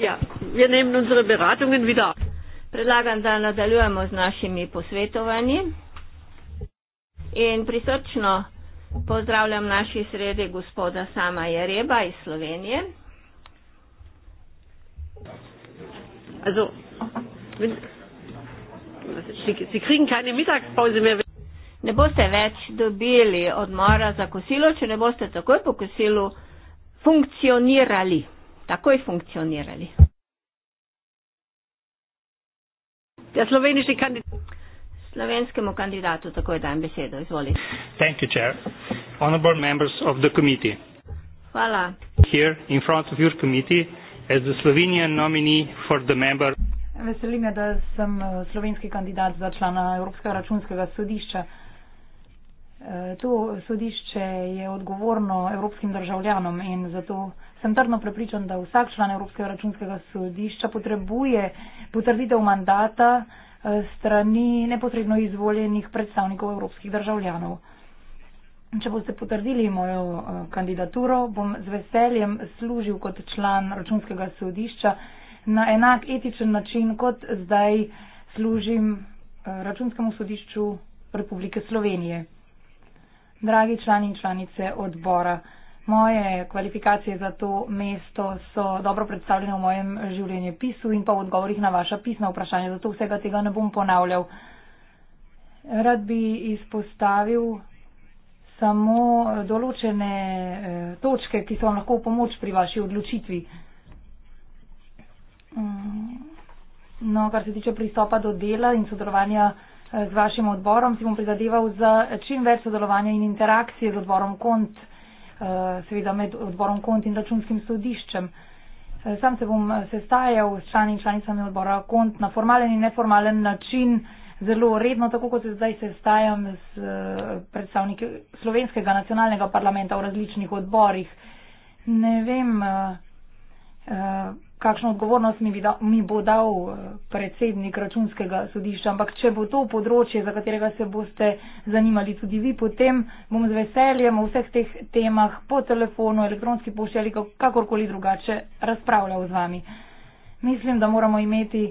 Ja, wir nehmen unsere Beratungen wieder. Predlagam, da nadaljujemo z našimi posvetovanji. In prisrčno pozdravljam naši sredi gospoda Sama Jereba iz Slovenije. Also, wenn, Sie, Sie kriegen keine Mittagspause mehr. Ne boste več dobili odmora za kosilo, če ne boste takoj po kosilu funkcionirali takoj funkcionirali. Ja, slovenski kandidat. Slovenskemu kandidatu takoj dajem besedo. Izvoli. Thank you, Chair. Honorable members of the committee. Hvala. Here in front of your committee as the Slovenian nominee for the member. Veselime, da sem eh, slovenski kandidat za člana Evropskega računskega sodišča. To sodišče je odgovorno evropskim državljanom in zato sem trdno prepričan, da vsak član Evropskega računskega sodišča potrebuje potrditev mandata eh, strani neposredno izvoljenih predstavnikov evropskih državljanov. Če boste potrdili mojo eh, kandidaturo, bom z veseljem služil kot član računskega sodišča na enak etičen način, kot zdaj služim eh, računskemu sodišču Republike Slovenije. Dragi člani in članice odbora, moje kvalifikacije za to mesto so dobro predstavljene v mojem življenjepisu in pa v odgovorih na vaša pisna vprašanja, zato vsega tega ne bom ponavljal. Rad bi izpostavil samo določene eh, točke, ki so vam lahko v pomoč pri vaši odločitvi. Mm, no, kar se tiče pristopa do dela in sodelovanja z vašim odborom, si bom prizadeval za čim več sodelovanja in interakcije z odborom KONT, eh, seveda med odborom KONT in računskim sodiščem. Eh, sam se bom eh, sestajal s člani in članicami odbora KONT na formalen in neformalen način, zelo redno, tako kot se zdaj sestajam s predstavniki slovenskega nacionalnega parlamenta v različnih odborih. Ne vem. Uh, uh, kakšno odgovornost mi, da, mi bo dal eh, predsednik računskega sodišča, ampak če bo to področje, za katerega se boste zanimali tudi vi, potem bom z veseljem o vseh teh temah po telefonu, elektronski pošti ali kakorkoli drugače razpravljal z vami. Mislim, da moramo imeti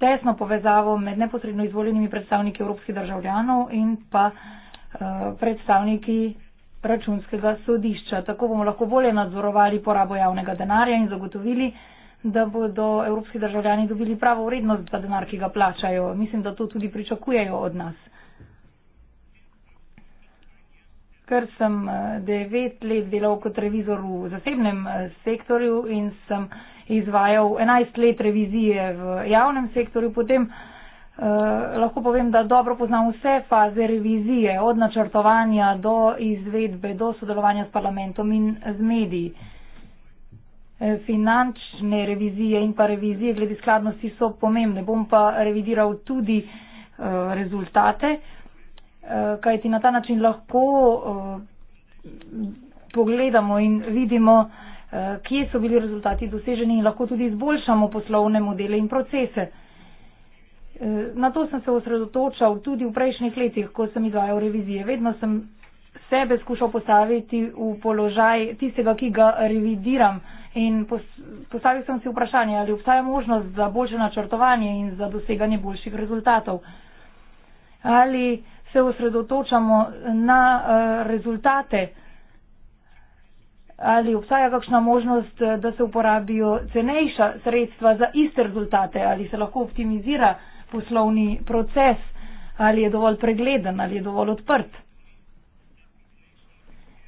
tesno povezavo med neposredno izvoljenimi predstavniki evropskih državljanov in pa uh, predstavniki računskega sodišča. Tako bomo lahko bolje nadzorovali porabo javnega denarja in zagotovili, da bodo evropski državljani dobili pravo vrednost za denar, ki ga plačajo. Mislim, da to tudi pričakujejo od nas. Ker sem eh, devet let delal kot revizor v zasebnem eh, sektorju in sem izvajal enajst let revizije v javnem sektorju, potem eh, lahko povem, da dobro poznam vse faze revizije, od načrtovanja do izvedbe, do sodelovanja s parlamentom in z mediji. Eh, Eh, finančne revizije in pa revizije glede skladnosti so pomembne. Bom pa revidiral tudi eh, rezultate, eh, kajti na ta način lahko pogledamo in vidimo, kje so bili rezultati doseženi in lahko tudi izboljšamo poslovne modele in procese. Na to sem se osredotočal tudi v prejšnjih letih, ko sem izvajal revizije. Vedno sem sebe skušal postaviti v položaj tistega, ki ga revidiram. In postavil sem si vprašanje, ali obstaja možnost za boljše načrtovanje in za doseganje boljših rezultatov. Ali se osredotočamo na eh, rezultate, ali obstaja kakšna možnost, eh, da se uporabijo cenejša sredstva za iste rezultate, ali se lahko optimizira poslovni proces, ali je dovolj pregleden, ali je dovolj odprt.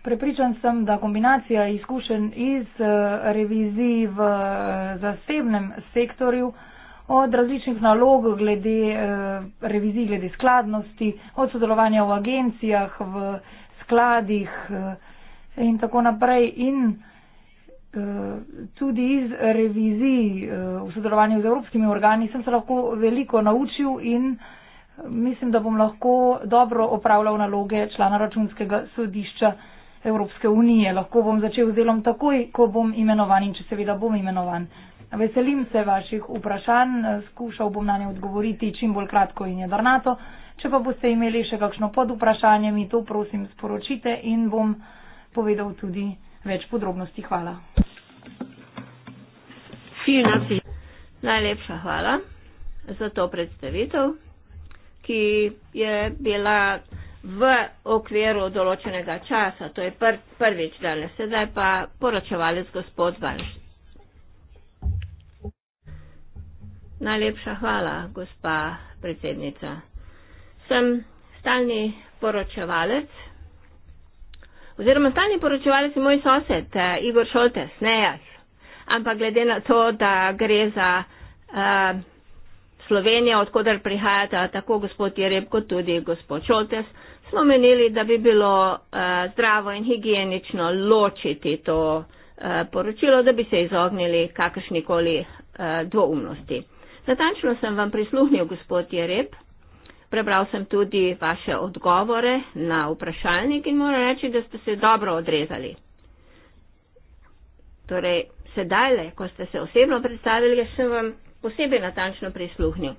Prepričan sem, da kombinacija izkušenj iz eh, revizij v eh, zasebnem sektorju od različnih nalog glede eh, revizij, glede skladnosti, od sodelovanja v agencijah, v skladih in tako naprej in tudi iz revizij v sodelovanju z evropskimi organi sem se lahko veliko naučil in mislim, da bom lahko dobro opravljal naloge člana računskega sodišča. Evropske unije. Lahko bom začel z delom takoj, ko bom imenovan in če seveda bom imenovan. Veselim se vaših vprašanj, skušal bom na ne odgovoriti čim bolj kratko in jedrnato. Če pa boste imeli še kakšno pod vprašanje, mi to prosim sporočite in bom povedal tudi več podrobnosti. Hvala. Fina si. Najlepša hvala za to predstavitev, ki je bila v okviru določenega časa. To je pr prvič danes, sedaj pa poročevalec gospod Banš. Najlepša hvala, gospa predsednica. Sem stalni poročevalec. Oziroma, stalni poročevalec je moj sosed eh, Igor Šoltes, ne jaz. Ampak glede na to, da gre za eh, Slovenijo, odkudar prihajata tako gospod Jereb kot tudi gospod Šoltes, smo menili, da bi bilo uh, zdravo in higienično ločiti to uh, poročilo, da bi se izognili kakršnikoli uh, dvoumnosti. Natančno sem vam prisluhnil, gospod Jereb, prebral sem tudi vaše odgovore na vprašalnik in moram reči, da ste se dobro odrezali. Torej, sedaj le, ko ste se osebno predstavili, sem vam posebej natančno prisluhnil.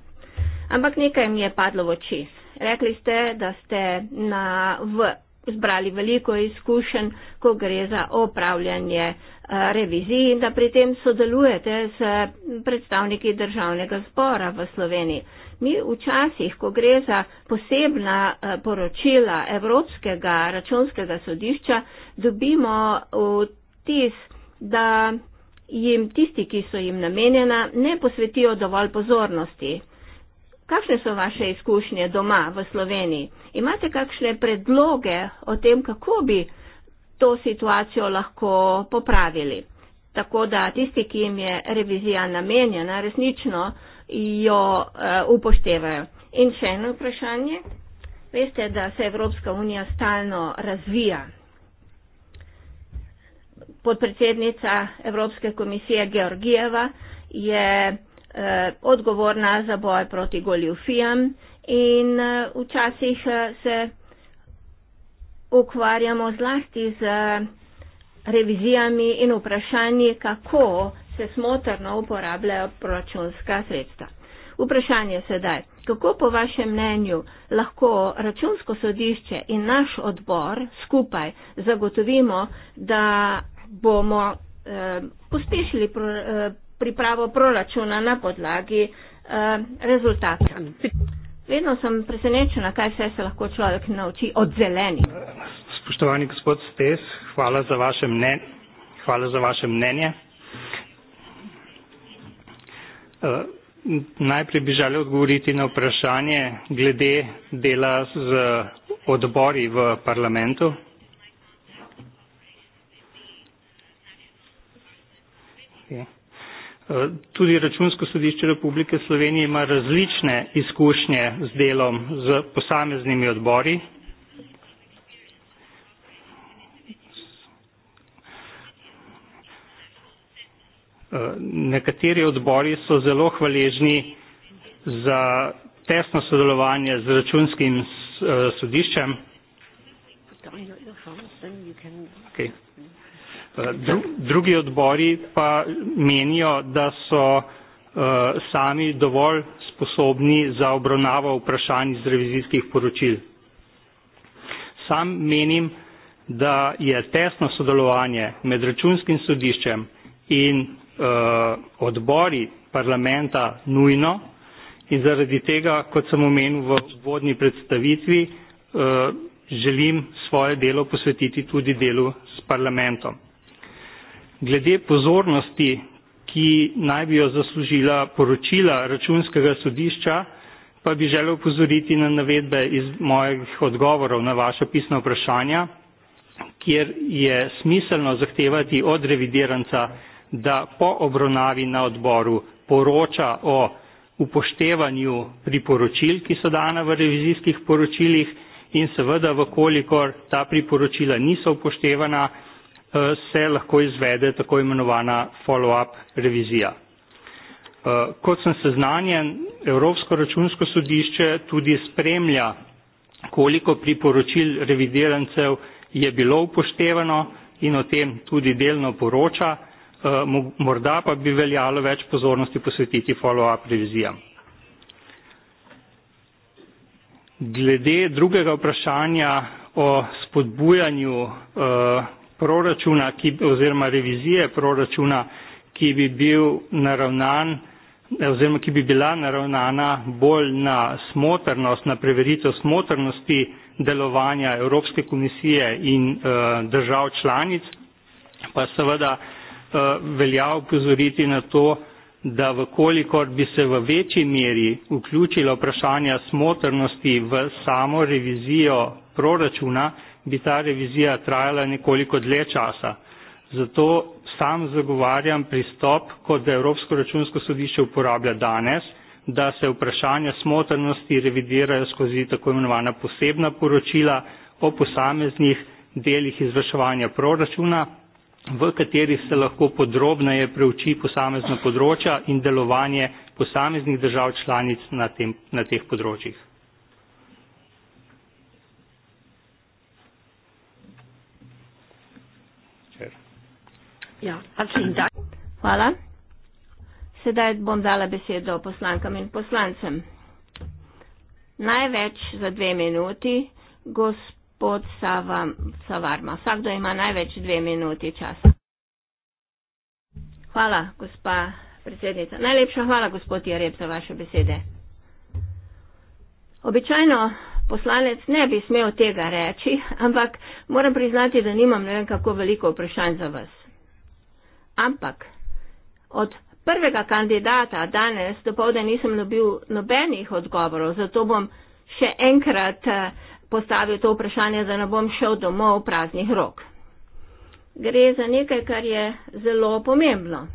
Ampak nekaj mi je padlo v oči. Rekli ste, da ste na v zbrali veliko izkušenj, ko gre za opravljanje eh, revizij in da pri tem sodelujete s predstavniki državnega zbora v Sloveniji. Mi včasih, ko gre za posebna eh, poročila Evropskega računskega sodišča, dobimo vtis, da jim tisti, ki so jim namenjena, ne posvetijo dovolj pozornosti. Kakšne so vaše izkušnje doma v Sloveniji? Imate kakšne predloge o tem, kako bi to situacijo lahko popravili? Tako da tisti, ki jim je revizija namenjena, resnično jo uh, upoštevajo. In še eno vprašanje. Veste, da se Evropska unija stalno razvija. Podpredsednica Evropske komisije Georgijeva je Eh, odgovorna za boj proti goljufijam in eh, včasih eh, se ukvarjamo zlasti z revizijami in vprašanji, kako se smotrno uporabljajo proračunska sredstva. Vprašanje sedaj, kako po vašem mnenju lahko računsko sodišče in naš odbor skupaj zagotovimo, da bomo eh, pospešili pro, eh, pripravo proračuna na podlagi eh, rezultata. Vedno sem presenečena, kaj vse se lahko človek nauči od zelenih. Spoštovani gospod Stes, hvala za vaše, mnen hvala za vaše mnenje. Eh, najprej bi želel odgovoriti na vprašanje glede dela z odbori v parlamentu. Eh, tudi Računsko sodišče Republike Slovenije ima različne izkušnje z delom z posameznimi odbori. Eh, nekateri odbori so zelo hvaležni za tesno sodelovanje z računskim eh, sodiščem. Okay. Eh, drugi odbori pa menijo, da so eh, sami dovolj sposobni za obravnavo vprašanj iz revizijskih poročil. Sam menim, da je tesno sodelovanje med računskim sodiščem in uh, odbori parlamenta nujno in zaradi tega, kot sem omenil v vodni predstavitvi, uh, želim svoje delo posvetiti tudi delu s parlamentom glede pozornosti, ki naj bi jo zaslužila poročila računskega sodišča, pa bi želel upozoriti na navedbe iz mojih odgovorov na vaše pisne vprašanja, kjer je smiselno zahtevati od revideranca, da po obravnavi na odboru poroča o upoštevanju priporočil, ki so dana v revizijskih poročilih in seveda, vkolikor ta priporočila niso upoštevana, Eh, se lahko izvede tako imenovana follow-up revizija. Eh, kot sem seznanjen, Evropsko računsko sodišče tudi spremlja, koliko priporočil revidirancev je bilo upoštevano in o tem tudi delno poroča, eh, morda pa bi veljalo več pozornosti posvetiti follow-up revizijam. Glede drugega vprašanja o spodbujanju proračuna ki, oziroma revizije proračuna, ki bi bil naravnan oziroma ki bi bila naravnana bolj na smotrnost, na preveritev smotrnosti delovanja Evropske komisije in uh, držav članic, pa seveda uh, velja upozoriti na to, da vkolikor bi se v večji meri vključila vprašanja smotrnosti v samo revizijo proračuna, uh, bi ta revizija trajala nekoliko dlje časa. Zato sam zagovarjam pristop, kot da Evropsko računsko sodišče uporablja danes, da se vprašanja smotrnosti revidirajo skozi tako imenovana posebna poročila o posameznih delih izvrševanja proračuna, v katerih se lahko podrobneje preuči posamezna področja in delovanje posameznih držav članic na, tem, na teh področjih. Ja, absolutno. Da. Hvala. Sedaj bom dala besedo poslankam in poslancem. Največ za dve minuti, gospod Sava, Savarma. Vsakdo ima največ dve minuti časa. Hvala, gospa predsednica. Najlepša hvala, gospod Jareb, za vaše besede. Običajno poslanec ne bi smel tega reči, ampak moram priznati, da nimam ne vem kako veliko vprašanj za vas ampak od prvega kandidata danes do povde nisem dobil nobenih odgovorov, zato bom še enkrat eh, postavil to vprašanje, da ne bom šel domov v praznih rok. Gre za nekaj, kar je zelo pomembno.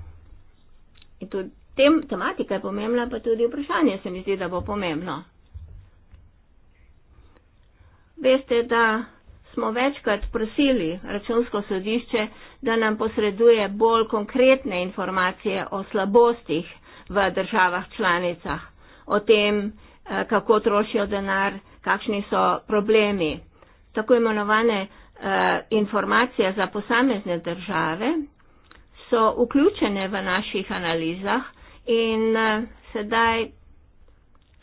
In tudi tem, tematika je pomembna, pa tudi vprašanje se mi zdi, da bo pomembno. Veste, da smo večkrat prosili računsko sodišče, da nam posreduje bolj konkretne informacije o slabostih v državah članicah, o tem, eh, kako trošijo denar, kakšni so problemi. Tako imenovane eh, informacije za posamezne države so vključene v naših analizah in eh, sedaj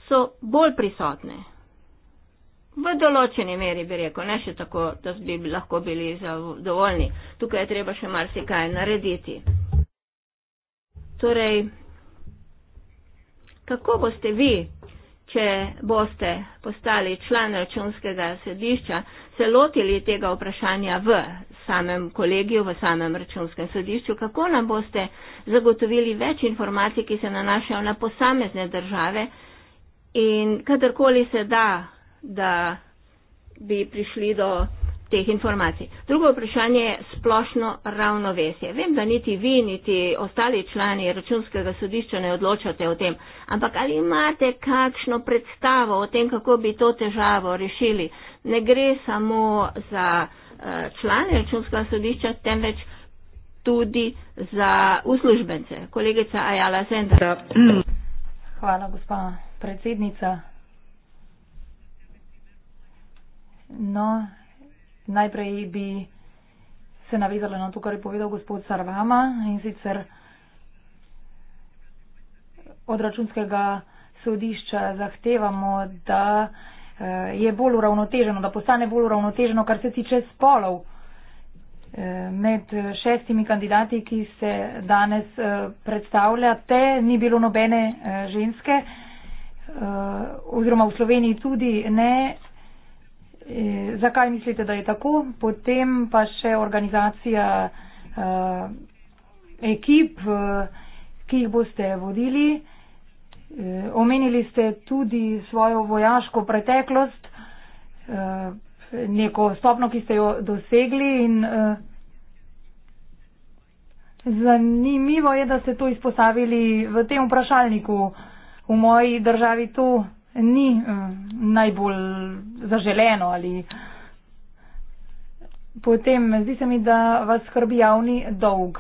so bolj prisotne. V določeni meri bi rekel, ne še tako, da bi lahko bili zadovoljni. Tukaj je treba še marsikaj narediti. Torej, kako boste vi, če boste postali član računskega sodišča, se lotili tega vprašanja v samem kolegiju, v samem računskem sodišču, kako nam boste zagotovili več informacij, ki se nanašajo na posamezne države in kadarkoli se da da bi prišli do teh informacij. Drugo vprašanje je splošno ravnovesje. Vem, da niti vi, niti ostali člani računskega sodišča ne odločate o tem, ampak ali imate kakšno predstavo o tem, kako bi to težavo rešili? Ne gre samo za eh, člane računskega sodišča, temveč tudi za uslužbence. Kolegica Ajala Zendra. Hvala, gospa predsednica. No, najprej bi se navezala na to, kar je povedal gospod Sarvama in sicer od računskega sodišča zahtevamo, da eh, je bolj uravnoteženo, da postane bolj uravnoteženo, kar se tiče spolov eh, med eh, šestimi kandidati, ki se danes predstavljate, ni bilo nobene ženske, oziroma v Sloveniji tudi ne, Eh, zakaj mislite, da je tako, potem pa še organizacija eh, ekip, eh, ki jih boste vodili. Eh, omenili ste tudi svojo vojaško preteklost, eh, neko stopno, ki ste jo dosegli in eh, zanimivo je, da ste to izpostavili v tem vprašalniku. V moji državi to ni uh, najbolj zaželeno ali potem zdi se mi, da vas skrbi javni dolg.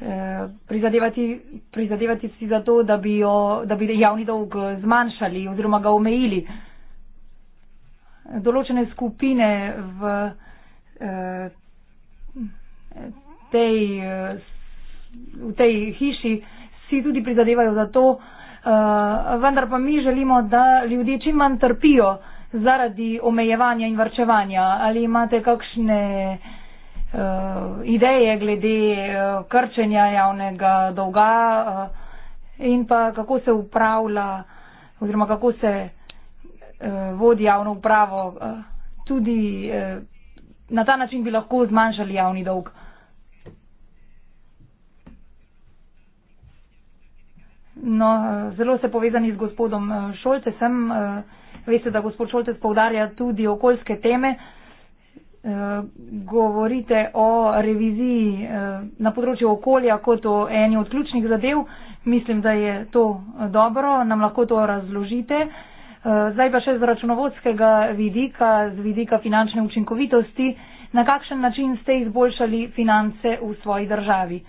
Eh, prizadevati, prizadevati si za to, da bi, jo, da bi javni dolg zmanjšali oziroma ga omejili. Določene skupine v eh, tej, v tej hiši si tudi prizadevajo za to, Eh, vendar pa mi želimo, da ljudje čim manj trpijo zaradi omejevanja in vrčevanja. Ali imate kakšne eh, ideje glede eh, krčenja javnega dolga in pa kako se upravlja oziroma kako se vodi javno upravo. Tudi na ta način bi lahko zmanjšali javni dolg. No, eh, zelo ste povezani z gospodom eh, Šolcem. Eh, veste, da gospod Šolcec povdarja tudi okoljske teme. Govorite o reviziji na področju okolja kot o eni od ključnih zadev. Mislim, da je to dobro, nam lahko to razložite. Zdaj pa še z računovodskega vidika, z vidika finančne učinkovitosti, na kakšen način ste izboljšali finance v svoji državi.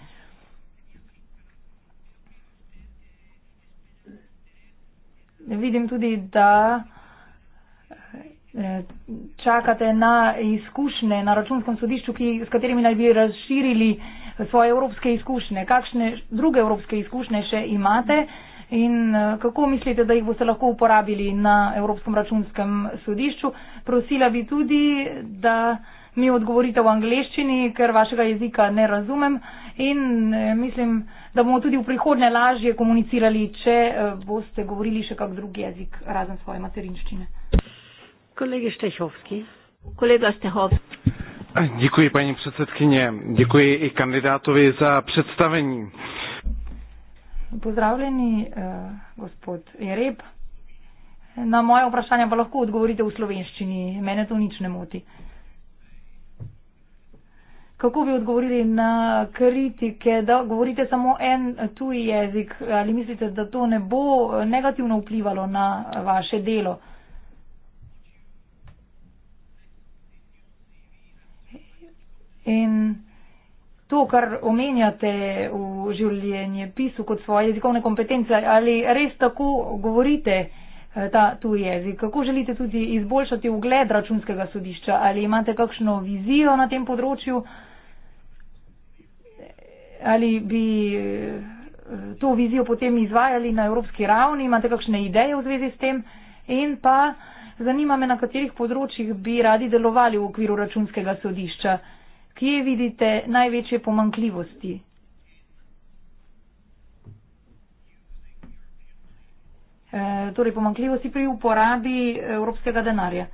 vidim tudi, da eh, čakate na izkušnje na računskem sodišču, ki, s katerimi naj bi razširili svoje evropske izkušnje. Kakšne druge evropske izkušnje še imate in eh, kako mislite, da jih boste lahko uporabili na Evropskem računskem sodišču? Prosila bi tudi, da mi odgovorite v angleščini, ker vašega jezika ne razumem in eh, mislim, da bomo tudi v prihodnje lažje komunicirali, če eh, boste govorili še kak drugi jezik razen svoje materinščine. Kolega Štehovski. Kolega Štehovski. Děkuji paní předsedkyně, děkuji i kandidátovi za představení. Pozdravljeni, uh, gospod Jereb. Na moje vprašanje pa lahko odgovorite v slovenščini, mene to nič ne moti. Uh, kako bi odgovorili na kritike, da govorite samo en tuji jezik? Ali mislite, da to ne bo negativno vplivalo na vaše delo? In to, kar omenjate v življenje pisu kot svoje jezikovne kompetence, ali res tako govorite eh, ta tuji jezik? Kako želite tudi izboljšati ugled računskega sodišča? Ali imate kakšno vizijo na tem področju? Uh, ali bi eh, to vizijo potem izvajali na evropski ravni, imate kakšne ideje v zvezi s tem in pa zanima me, na katerih področjih bi radi delovali v okviru računskega sodišča. Kje vidite največje pomankljivosti? E, torej pomankljivosti pri uporabi eh, evropskega denarja.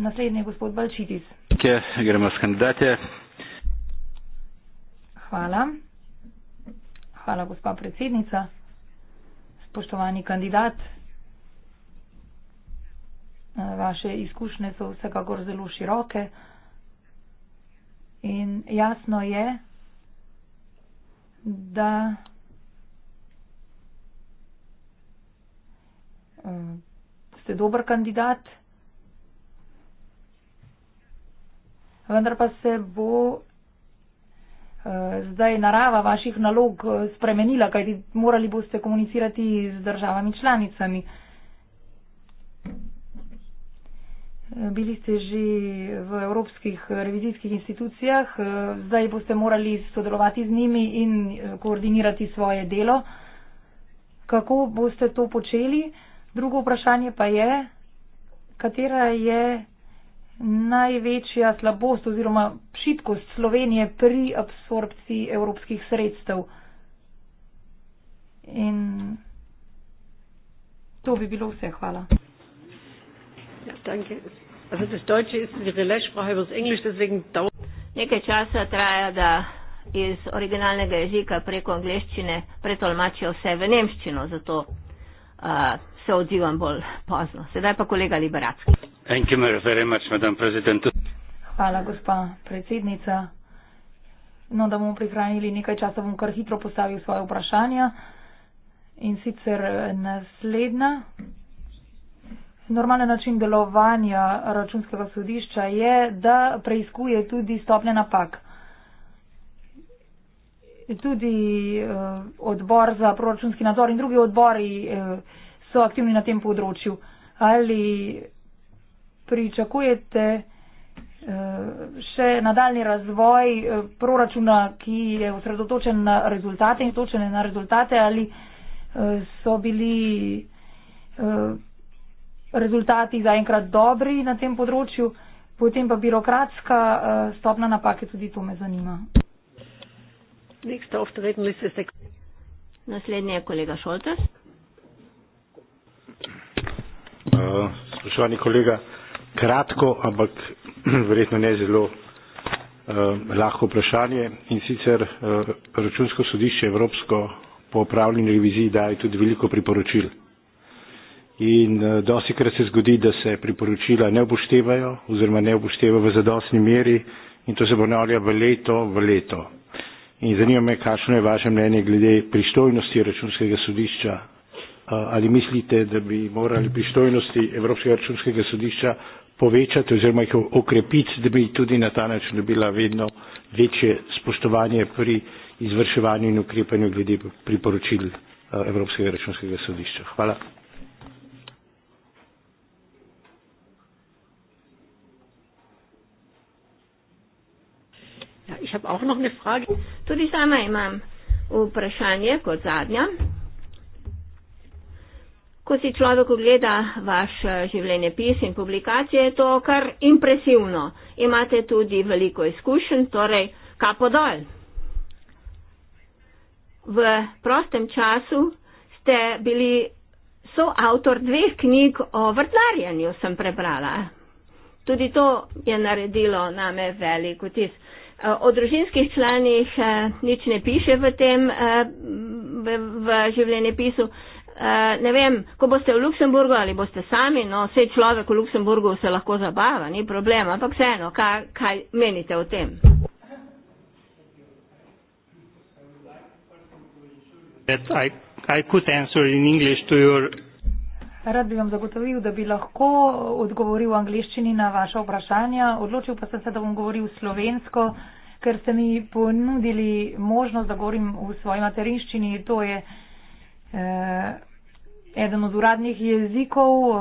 Naslednji je gospod Balčitis. Gremo s kandidatje. Hvala. Hvala, gospa predsednica. Spoštovani kandidat, vaše izkušnje so vsekakor zelo široke in jasno je, da eh, ste dober kandidat, vendar pa se bo Eh, zdaj narava vaših nalog eh, spremenila, kajti morali boste komunicirati z državami članicami. Eh, bili ste že v evropskih revizijskih institucijah, zdaj boste morali sodelovati z njimi in koordinirati svoje delo. Kako boste to počeli? Drugo vprašanje pa je, katera je največja slabost oziroma šitkost Slovenije pri absorpciji evropskih sredstev. In to bi bilo vse. Hvala. Ja, Nekaj časa traja, da iz originalnega jezika preko angleščine pretolmačijo vse v nemščino, zato uh, se odzivam bolj pozno. Sedaj pa kolega Liberacki. Hvala, gospa predsednica. No, da bomo prihranili nekaj časa, bom kar hitro postavil svoje vprašanja. In sicer naslednja. Normalen način delovanja računskega sodišča je, da preizkuje tudi stopne napak. Tudi eh, odbor za proračunski nadzor in drugi odbori. Eh, so aktivni na tem področju. Ali pričakujete eh, še nadaljni razvoj eh, proračuna, ki je osredotočen na rezultate in točene na rezultate, ali eh, so bili rezultati zaenkrat dobri na tem področju, potem pa birokratska stopna napake, tudi to me zanima. Naslednji je kolega Šoltes. Eh, spoštovani kolega, kratko, ampak verjetno ne zelo uh, lahko vprašanje. In sicer uh, Računsko sodišče Evropsko po opravljeni reviziji daje tudi veliko priporočil. In uh, dosti krat se zgodi, da se priporočila ne upoštevajo oziroma ne upoštevajo v zadostni meri in to se ponavlja v leto, v leto. In zanima me, kakšno je vaše mnenje glede pristojnosti Računskega sodišča ali mislite, da bi morali pristojnosti Evropskega računskega sodišča povečati oziroma jih okrepiti, da bi tudi na ta način dobila vedno večje spoštovanje pri izvrševanju in ukrepanju glede priporočil Evropskega računskega sodišča. Hvala. Ja, tudi sama imam vprašanje kot zadnja. Ko si človek ogleda vaš eh, življenje pis in publikacije, je to kar impresivno. Imate tudi veliko izkušenj, torej kapo dol. V prostem času ste bili soavtor dveh knjig o vrtlarjanju, sem prebrala. Tudi to je naredilo name velik vtis. Eh, o družinskih članih eh, nič ne piše v tem v, v življenjepisu, Eh, ne vem, ko boste v Luksemburgu ali boste sami, no, vse človek v Luksemburgu se lahko zabava, ni problema, ampak vseeno, kaj, kaj menite o tem? Rad bi vam zagotovil, da bi lahko odgovoril v angliščini na vaše vprašanja. Odločil pa sem se, da bom govoril slovensko, ker ste mi ponudili možnost, da govorim v svoji materinščini. To je eh, eden od uradnih jezikov eh,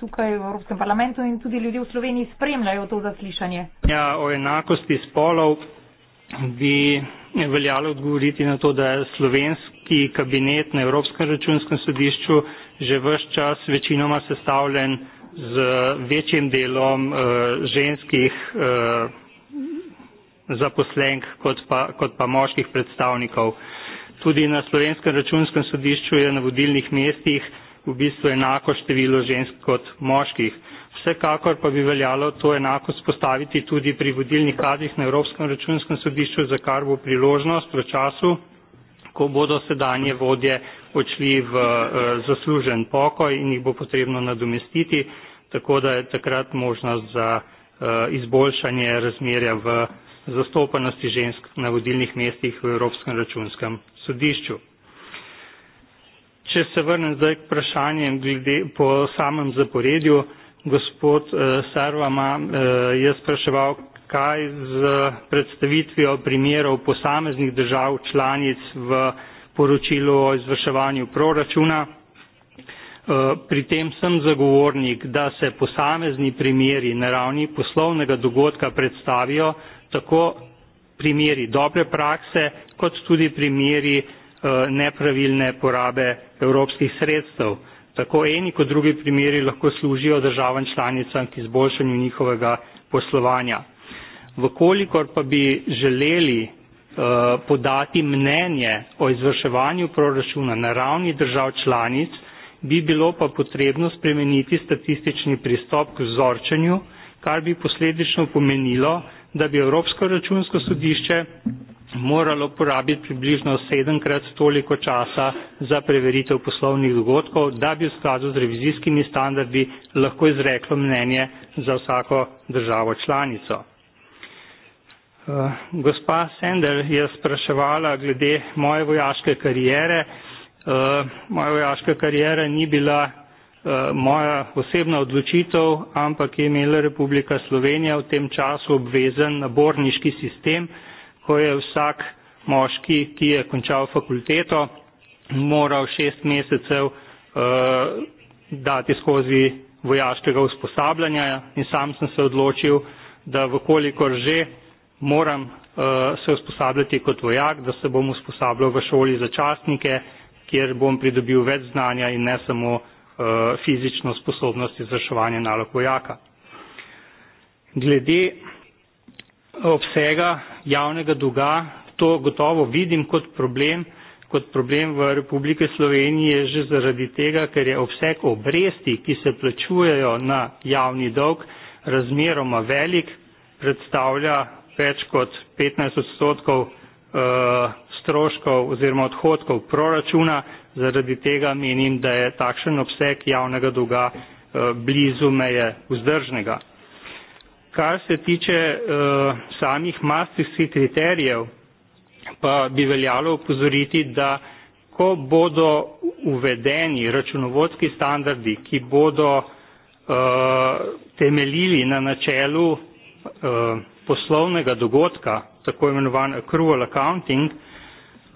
tukaj v Evropskem parlamentu in tudi ljudje v Sloveniji spremljajo to zaslišanje. Ja, o enakosti spolov bi veljalo odgovoriti na to, da je slovenski kabinet na Evropskem računskem sodišču že vse čas večinoma sestavljen z večjim delom uh, ženskih uh, zaposlenk kot pa, kot pa moških predstavnikov. Uh, Tudi na slovenskem računskem sodišču je na vodilnih mestih v bistvu enako število žensk kot moških. Vsekakor pa bi veljalo to enako spostaviti tudi pri vodilnih kadrih na Evropskem računskem sodišču, za kar bo priložnost v času, ko bodo sedanje vodje odšli v eh, zaslužen pokoj in jih bo potrebno nadomestiti, tako da je takrat možnost za eh, izboljšanje razmerja v zastopanosti žensk na vodilnih mestih v Evropskem računskem sodišču. Če se vrnem zdaj k vprašanjem glede po samem zaporedju, gospod eh, Sarvama eh, je spraševal, kaj z predstavitvijo primerov posameznih držav članic v poročilu o izvrševanju proračuna. Eh, pri tem sem zagovornik, da se posamezni primeri na ravni poslovnega dogodka predstavijo tako primeri dobre prakse kot tudi primeri eh, nepravilne porabe evropskih sredstev. Tako eni kot drugi primeri lahko služijo državam članicam k izboljšanju njihovega poslovanja. Vkolikor pa bi želeli eh, podati mnenje o izvrševanju proračuna na ravni držav članic, bi bilo pa potrebno spremeniti statistični pristop k vzorčenju, kar bi posledično pomenilo, da bi Evropsko računsko sodišče moralo porabiti približno sedemkrat toliko časa za preveritev poslovnih dogodkov, da bi v skladu z revizijskimi standardi lahko izreklo mnenje za vsako državo članico. Eh, gospa Sender je spraševala glede moje vojaške karijere. Eh, moja vojaška karijera ni bila moja osebna odločitev, ampak je imela Republika Slovenija v tem času obvezen naborniški sistem, ko je vsak moški, ki je končal fakulteto, moral šest mesecev eh, dati skozi vojaškega usposabljanja in sam sem se odločil, da vkolikor že moram eh, se usposabljati kot vojak, da se bom usposabljal v šoli za častnike, kjer bom pridobil več znanja in ne samo Eh, fizično sposobnost izvrševanja nalog vojaka. Glede obsega javnega duga, to gotovo vidim kot problem, kot problem v Republike Sloveniji je že zaradi tega, ker je obseg obresti, ki se plačujejo na javni dolg, razmeroma velik, predstavlja več kot 15 odstotkov eh, stroškov oziroma odhodkov proračuna, Zaradi tega menim, da je takšen obseg javnega dolga eh, blizu meje vzdržnega. Kar se tiče eh, samih mastrisi kriterijev, pa bi veljalo upozoriti, da ko bodo uvedeni računovodski standardi, ki bodo eh, temeljili na načelu poslovnega dogodka, tako imenovan accrual accounting,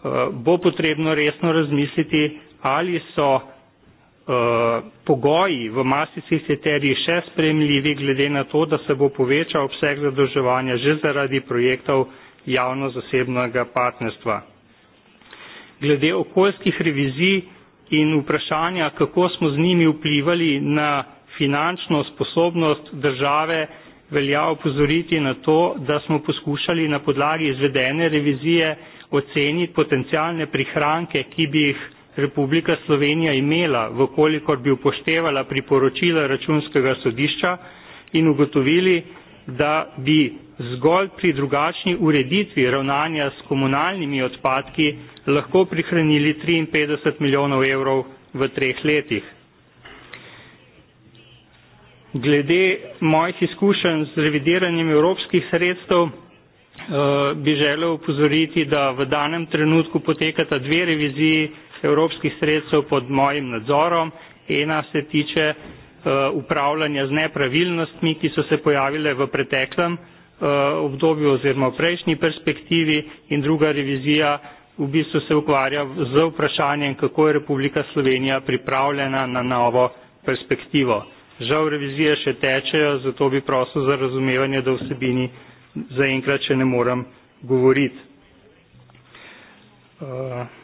Eh, bo potrebno resno razmisliti, ali so eh, pogoji v masicih kriteriji še spremljivi glede na to, da se bo povečal obseg zadrževanja že zaradi projektov javno-zasebnega partnerstva. Glede okoljskih revizij in vprašanja, kako smo z njimi vplivali na finančno sposobnost države, velja opozoriti na to, da smo poskušali na podlagi izvedene revizije oceni potencialne prihranke, ki bi jih Republika Slovenija imela, vkolikor bi upoštevala priporočila računskega sodišča in ugotovili, da bi zgolj pri drugačni ureditvi ravnanja s komunalnimi odpadki lahko prihranili 53 milijonov evrov v treh letih. Glede mojih izkušenj z revidiranjem evropskih sredstev, Eh, bi želel upozoriti, da v danem trenutku potekata dve reviziji evropskih sredstev pod mojim nadzorom. Ena se tiče eh, upravljanja z nepravilnostmi, ki so se pojavile v preteklem eh, obdobju oziroma v prejšnji perspektivi in druga revizija v bistvu se ukvarja z vprašanjem, kako je Republika Slovenija pripravljena na novo perspektivo. Žal revizije še tečejo, zato bi prosil za razumevanje, da vsebini zaenkrat še ne morem govoriti. Eh,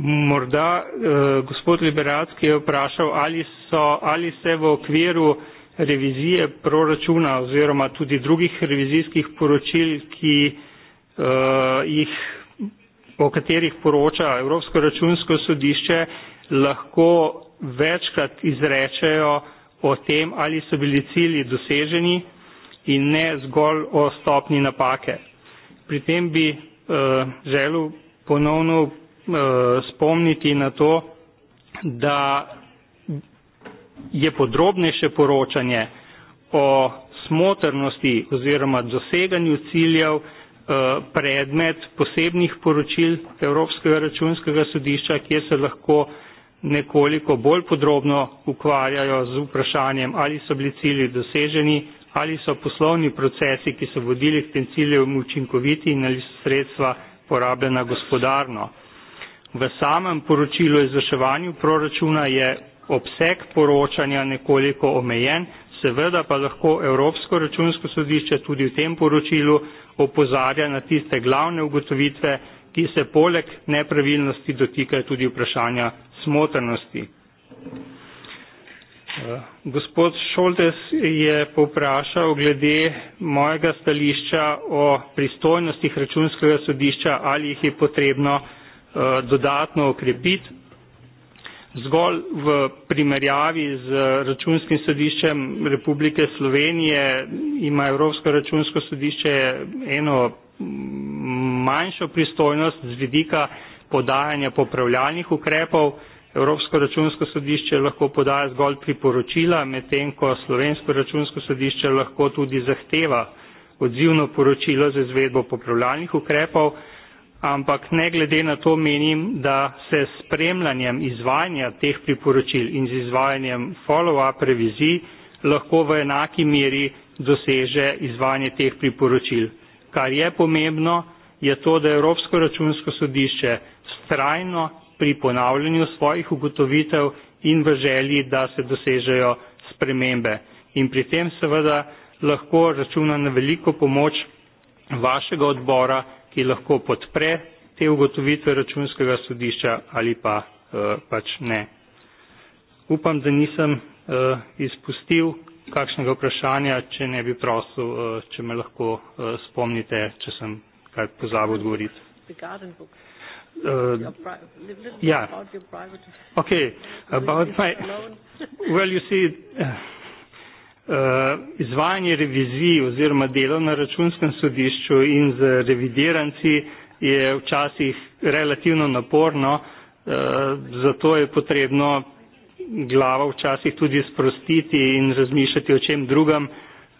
morda eh, gospod Liberatski je vprašal, ali, so, ali se v okviru revizije proračuna oziroma tudi drugih revizijskih poročil, ki uh, jih o katerih poroča Evropsko računsko sodišče, lahko večkrat izrečejo uh, o tem, ali so bili cilji doseženi in ne zgolj o stopni napake. Pri tem bi eh, želel ponovno eh, spomniti na to, da je podrobnejše poročanje o smotrnosti oziroma doseganju ciljev eh, predmet posebnih poročil Evropskega računskega sodišča, kjer se lahko eh, nekoliko bolj podrobno ukvarjajo z vprašanjem, ali so bili cilji doseženi, ali so poslovni procesi, ki so vodili k tem ciljem, učinkoviti in ali so sredstva porabljena gospodarno. V samem poročilu o izvrševanju proračuna je obseg poročanja nekoliko omejen, seveda pa lahko Evropsko računsko sodišče tudi v tem poročilu opozarja na tiste glavne ugotovitve, ki se poleg nepravilnosti dotikajo tudi vprašanja smotrnosti. Eh, gospod Šoltes je poprašal glede mojega stališča o pristojnostih računskega sodišča, ali jih je potrebno eh, dodatno okrepiti. Zgolj v primerjavi z računskim sodiščem Republike Slovenije ima Evropsko računsko sodišče eno manjšo pristojnost z vidika podajanja popravljalnih ukrepov. Evropsko računsko sodišče lahko podaja zgolj priporočila, medtem ko Slovensko računsko sodišče lahko tudi zahteva odzivno poročilo za izvedbo popravljalnih ukrepov, ampak ne glede na to menim, da se s spremljanjem izvajanja teh priporočil in z izvajanjem follow-up revizij lahko v enaki meri doseže izvajanje teh priporočil. Kar je pomembno, je to, da Evropsko računsko sodišče trajno pri ponavljanju svojih ugotovitev in v želji, da se dosežejo spremembe. In pri tem seveda lahko računa na veliko pomoč vašega odbora, ki lahko podpre te ugotovitve računskega sodišča ali pa eh, pač ne. Upam, da nisem eh, izpustil kakšnega vprašanja, če ne bi prosil, eh, če me lahko spomnite, če sem kaj pozabil odgovoriti. Uh, yeah. Okay. About my Well, you see, uh, uh, izvajanje revizij oziroma delo na računskem sodišču in z revideranci je včasih relativno naporno, zato je potrebno glavo včasih tudi sprostiti in razmišljati o čem drugem.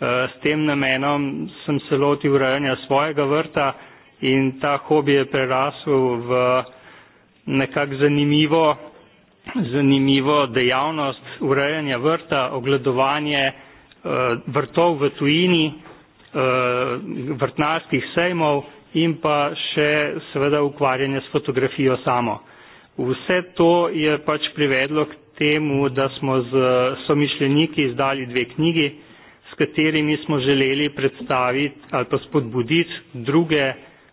S tem namenom sem se lotil urejanja svojega vrta in ta hobi je prerasel v nekak zanimivo, zanimivo dejavnost urejanja vrta, ogledovanje eh, vrtov v tujini, eh, vrtnarskih sejmov in pa še seveda ukvarjanje s fotografijo samo. Vse to je pač privedlo k temu, da smo z somišljeniki izdali dve knjigi, s katerimi smo želeli predstaviti ali pa spodbuditi druge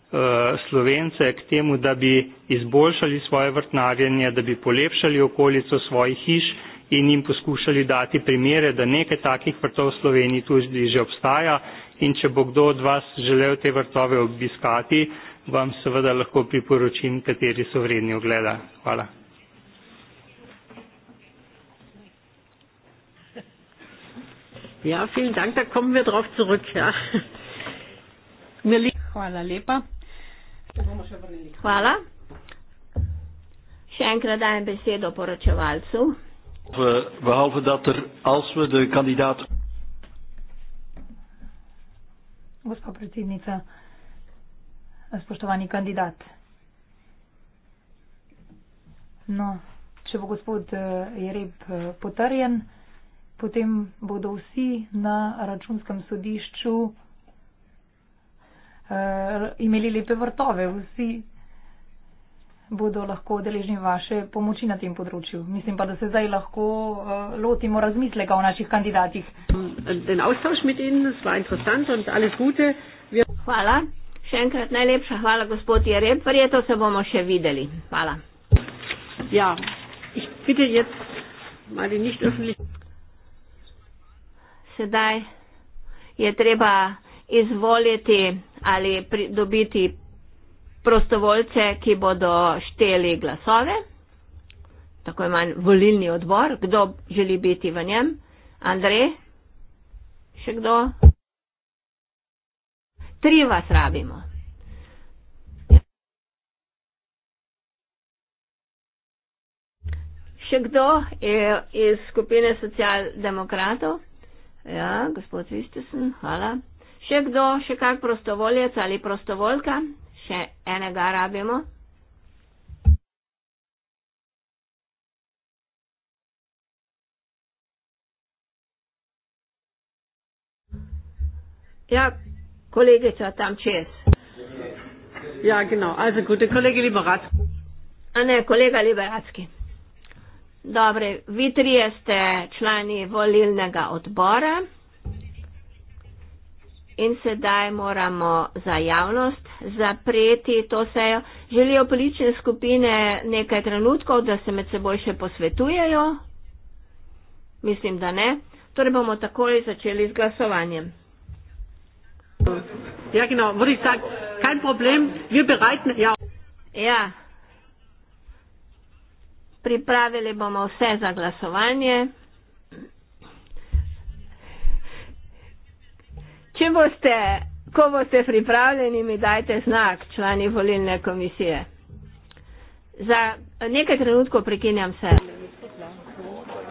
Eh, Slovence k temu, da bi izboljšali svoje vrtnarjenje, da bi polepšali okolico svojih hiš in jim poskušali dati primere, da nekaj takih vrtov v Sloveniji tudi že obstaja in če bo kdo od vas želel te vrtove obiskati, vam seveda lahko priporočim, kateri so vredni ogleda. Hvala. Ja, vielen Dank, da kommen wir drauf zurück. Ja. Hvala lepa se bomo še vrnili. Hvala. Še enkrat dajem besedo poročevalcu. Behalve dat er, als we de kandidaat. Gospa predsednica, spoštovani kandidat. No, če bo gospod eh, Jereb eh, potrjen, potem bodo vsi na računskem sodišču. Eh, imeli lepe vrtove. Vsi bodo lahko deležni vaše pomoči na tem področju. Mislim pa, da se zdaj lahko uh, lotimo razmisleka o naših kandidatih. Hvala. Še enkrat najlepša hvala, gospod Jereb. Verjetno se bomo še videli. Hvala. Ja, vidite, je mali nič osli. Sedaj je treba izvoliti ali dobiti prostovoljce, ki bodo šteli glasove, tako imen volilni odbor, kdo želi biti v njem. Andrej, še kdo? Tri vas rabimo. Še kdo je iz skupine socialdemokratov? Ja, gospod Vistesen, hvala. Še kdo, še kak prostovoljec ali prostovoljka? Še enega rabimo. Ja, kolegica tam čez. Ja, genau, also gute kolege Liberatski. A ne, kolega Liberatski. Dobre, vi trije ste člani volilnega odbora in sedaj moramo za javnost zapreti to sejo. Želijo politične skupine nekaj trenutkov, da se med seboj še posvetujejo? Mislim, da ne. Torej bomo takoj začeli z glasovanjem. Ja, genau, würde ich sagen, kein Problem, wir bereiten, ja. Ja. Pripravili bomo vse za glasovanje. Če boste, ko boste pripravljeni, mi dajte znak, člani volilne komisije. Za nekaj trenutkov prekinjam se.